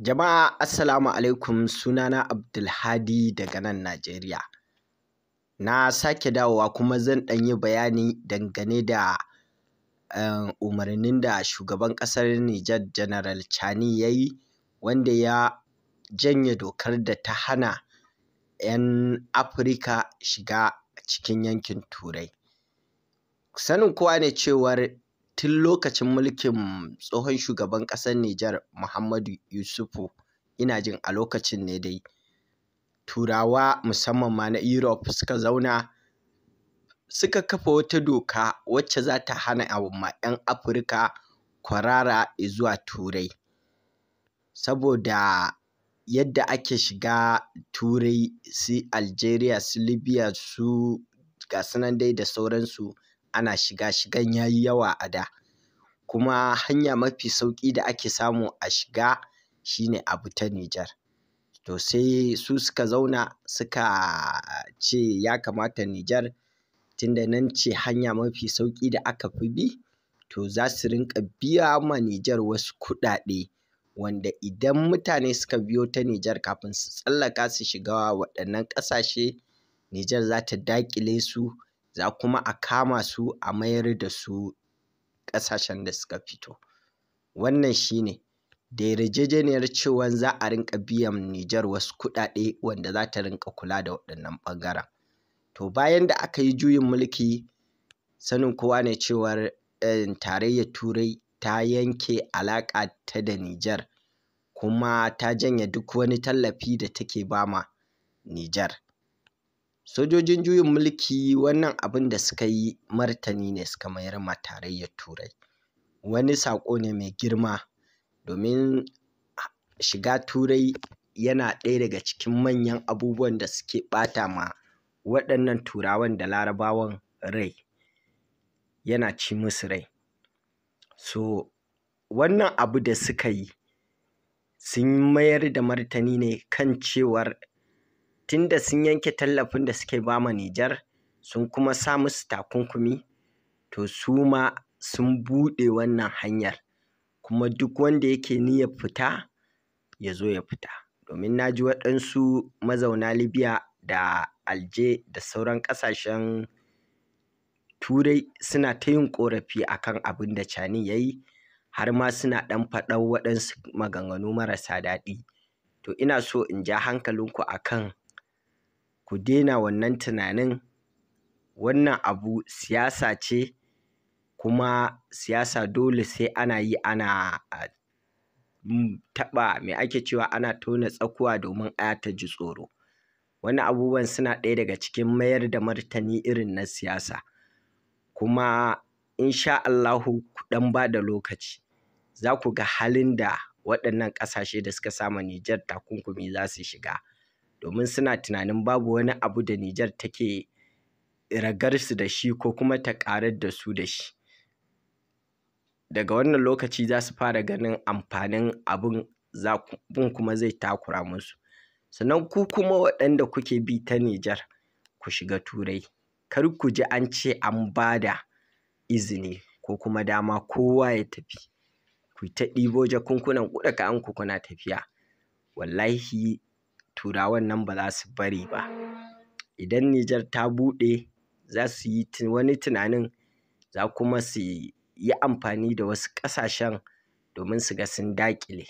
Jama'a Assalamu alaikum sunana Abdulhadi daga nan Najeriya. Na sake dawowa kuma zan ɗan yi bayani dangane da eh, umarnin da shugaban ƙasar Nijar General Chani ya yi wanda ya janye dokar da ta hana 'yan Afirka shiga cikin yankin Turai. Sanin kowa ne cewar Tun lokacin mulkin tsohon shugaban ƙasar Nijar Muhammadu Yusufu, ina jin a lokacin ne dai Turawa musamman ma na Europe suka zauna suka kafa wata doka wacce za ta hana ma 'yan Afirka kwarara zuwa Turai. Saboda yadda ake shiga Turai su Algeria su Libya su ga su nan dai da sauransu ana shiga shigan yayi yawa a da kuma hanya mafi sauƙi da ake samu a shiga shine abu ta Nijar to sai su suka zauna suka ce ya kamata Nijar tunda nan ce hanya mafi sauki da aka fi bi to za su rinƙa biya ma Nijar wasu kuɗaɗe wanda idan mutane suka biyo ta Nijar kafin su tsallaka su shiga waɗannan ƙasashe Nijar za ta daƙile su za kuma a kama su a mayar da su ƙasashen da suka fito wannan shi ne da yarjejeniyar cewa za a rinka biyan Nijar wasu kuɗaɗe wanda za ta rinka kula da waɗannan ɓangaren to bayan da aka yi juyin mulki sanin kowa ne cewar eh, tarayyar turai ta yanke alaƙa ta da Nijar kuma ta janye duk wani tallafi da take bama Nijar Sojojin juyin mulki wannan abin da suka yi martani ne suka mayar ma Tarayyar Turai, wani saƙo ne mai girma, domin shiga Turai yana ɗaya daga cikin manyan abubuwan da suke ɓata ma waɗannan Turawan da Larabawan rai, yana ci musu rai. So, wannan abu da suka yi sun mayar da martani ne kan cewar tunda sun yanke tallafin da suke ba Nijar sun kuma sa musu takunkumi to su ma sun buɗe wannan hanyar kuma duk wanda yake niyyar fita ya zo ya fita domin na ji waɗansu mazauna Libya da Alje da sauran ƙasashen Turai suna ta yin ƙorafi akan abin da Cani ya yi har ma suna ɗan faɗan waɗansu maganganu marasa daɗi to ina so in ja hankalinku akan ku daina wannan tunanin wannan abu siyasa ce kuma siyasa dole sai ana yi ana mm, taɓa mai ake cewa ana tona tsakuwa domin ya ta ji tsoro Wani abubuwan suna ɗaya daga cikin mayar da martani irin na siyasa kuma insha Allahu ku ɗan ba da lokaci za ku ga halin da waɗannan ƙasashe da suka sama Nijar takunkumi za su shiga domin suna tunanin babu wani abu da Nijar take ragarsu da shi ko kuma ta ƙarar da su da shi daga wannan lokaci za su fara ganin amfanin abin abin kuma zai takura musu sannan ku kuma waɗanda kuke bi ta Nijar ku shiga Turai kar ku ji an ce an ba da izini ko kuma dama kowa ya tafi ku ta ɗibo jakunkunan ku daga an kuna tafiya wallahi turawan nan ba za su bari ba idan Nijar ta buɗe za su yi wani tunanin za kuma su yi amfani da wasu ƙasashen domin su ga sun daƙile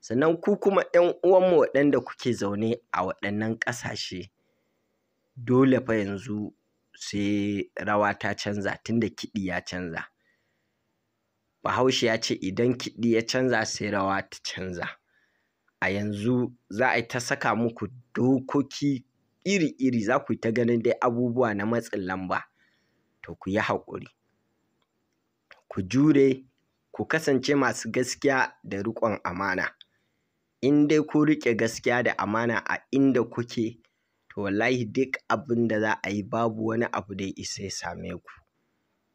sannan ku kuma 'yan uwanmu waɗanda kuke zaune a waɗannan ƙasashe dole fa yanzu sai rawa ta canza tunda kiɗi ya canza bahaushe ya ce idan kiɗi ya canza sai rawa ta canza a yanzu za a yi ta saka muku dokoki iri-iri za ku yi ta ganin dai abubuwa na matsin lamba to ku yi haƙuri ku jure ku kasance masu gaskiya da riƙon amana in dai ku riƙe gaskiya da amana a inda kuke to wallahi duk abin da za a yi babu wani abu da isa ya same ku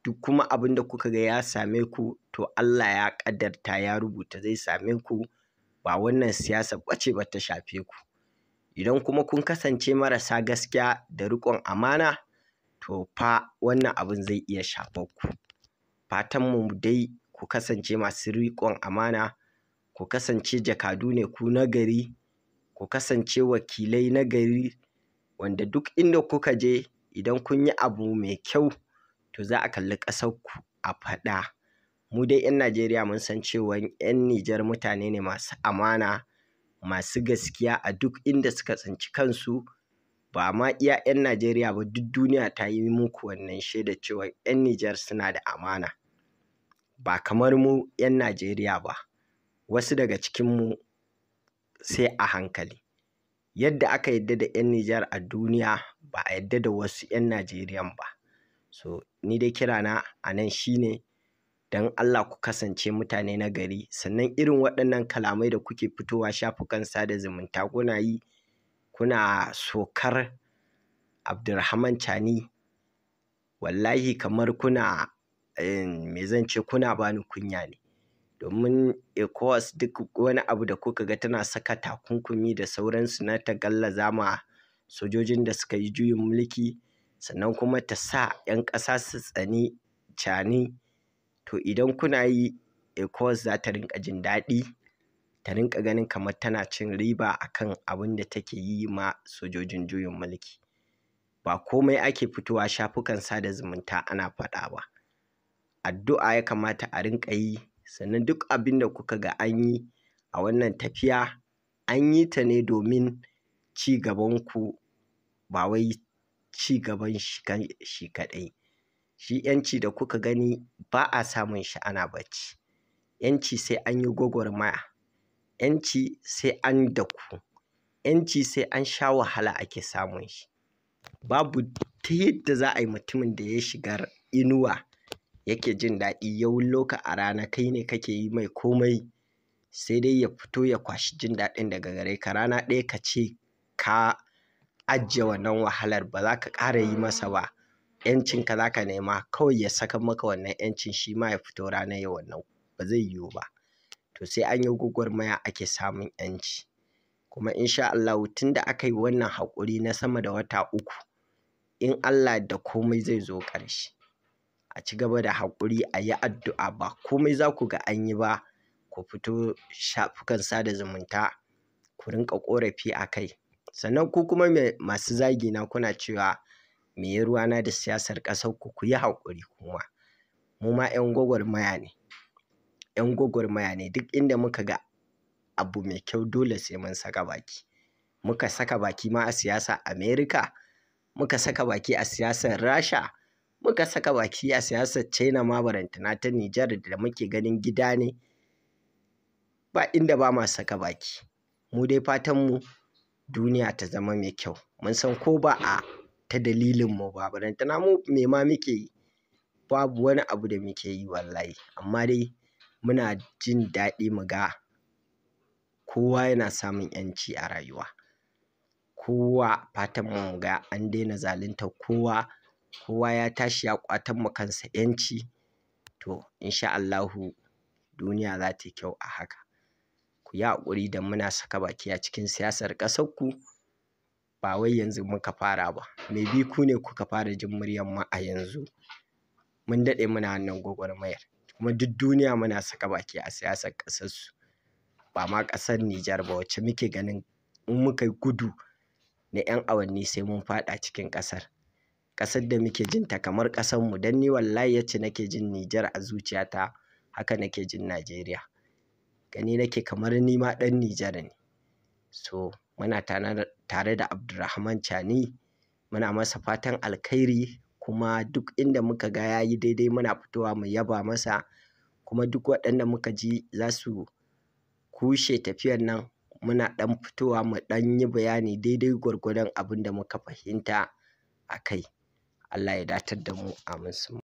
duk kuma abin da kuka ga ya same ku to Allah ya ƙadarta ya rubuta zai same ku ba wannan siyasa bace ba ta shafe ku idan kuma kun kasance marasa gaskiya da riƙon amana to fa wannan abin zai iya shafar ku fatan mu dai ku kasance masu riƙon amana ku kasance jakadu ne ku na gari ku kasance wakilai na gari wanda duk inda kuka je idan kun yi abu mai kyau to za a kalli ƙasarku a faɗa mu dai 'yan Najeriya mun san cewa 'yan Nijar mutane ne masu amana masu gaskiya a duk inda suka tsinci kansu ba ma iya 'yan Najeriya ba duk duniya ta yi muku wannan shaida cewa 'yan Nijar suna da amana ba kamar mu 'yan Najeriya ba wasu daga cikin mu sai a hankali yadda aka yadda da 'yan Nijar a duniya ba a yadda da wasu 'yan Najeriyan ba so ni dai kirana anan nan shi ne don Allah ku kasance mutane na gari sannan irin waɗannan kalamai da kuke fitowa shafukan sada zumunta kuna yi kuna sokar Abdulrahman Chani wallahi kamar kuna me zan ce kuna bani kunya ne domin ECOWAS duk wani abu da kuka ga tana saka takunkumi da sauransu na ta gallaza ma sojojin da suka yi juyin mulki sannan kuma ta sa 'yan ƙasa su tsani cani to idan kuna yi ecos za ta rinƙa jin daɗi ta rinƙa ganin kamar tana cin riba a kan abin da take yi ma sojojin juyin mulki ba komai ake fitowa shafukan sada zumunta ana faɗa ba addu'a ya kamata a rinƙa yi sannan duk abin da kuka ga an yi a wannan tafiya an yi ta ne domin ci gabanku ba wai ci gaban shi kaɗai shi yanci da kuka gani ba a samun shi ana bacci yanci sai an yi gwagwarmaya yanci sai an daku yanci sai an sha wahala ake samun shi babu ta yadda za a yi mutumin da ya shiga inuwa yake jin daɗi yau loka a rana kai ne kake yi mai komai sai dai ya fito ya kwashi jin daɗin daga gare ka rana ɗaya ka ce ka ajiye wannan wahalar ba za ka ƙara yi masa ba yancin ka zaka nema kawai ya saka maka wannan yancin shi ma ya fito ranar yau wannan ba zai yiwu ba to sai an yi gwagwarmaya ake samun yanci kuma in insha Allahu da aka yi wannan haƙuri na sama da wata uku in Allah da komai zai zo ƙarshe a ci gaba da haƙuri a yi addu'a ba komai za ku ga an yi ba ku fito shafukan sada zumunta ku rinƙa ƙorafi a kai sannan ku kuma masu zagina kuna cewa me ya ruwana da siyasar ƙasar ku ku yi haƙuri kuma mu ma 'yan gwagwarmaya ne 'yan gwagwarmaya ne duk inda muka ga abu mai kyau dole sai mun saka baki muka saka baki ma a siyasa Amerika muka saka baki a siyasar Rasha muka saka baki a siyasar China ma barantana ta Nijar da muke ganin gida ne ba inda ba ma saka baki mu dai fatanmu duniya ta zama mai kyau mun san ko ba a ta dalilin mu ba tana mu me ma muke yi babu wani abu da muke yi wallahi amma dai muna jin daɗi mu ga kowa yana samun 'yanci a rayuwa kowa fatan mu ga an daina zaluntar kowa kowa ya tashi ya ƙwatan ma kansa ƴanci to insha Allahu duniya za ta yi kyau a haka ku yi haƙuri da muna saka baki a cikin siyasar ƙasar ku. ba wai yanzu muka fara ba bi ku ne kuka fara jin muryar ma a yanzu mun daɗe muna wannan gwagwarmayar kuma duk duniya muna saka baki a siyasar ƙasarsu ba ma ƙasar Nijar ba wacce muke ganin in muka yi gudu na 'yan awanni sai mun faɗa cikin ƙasar ƙasar da muke jin ta kamar ƙasar mu dan ni wallahi yace nake jin Nijar a zuciya ta, haka nake jin Najeriya gani nake kamar ni ma ɗan Nijar ne so muna tare da Abdulrahman Chani muna masa fatan alkhairi kuma duk inda muka ga ya yi daidai muna fitowa mu yaba masa kuma duk waɗanda muka ji za su kushe tafiyar nan muna ɗan fitowa mu ɗan yi bayani daidai gwargwadon abin da muka fahimta a kai Allah ya datar da mu amin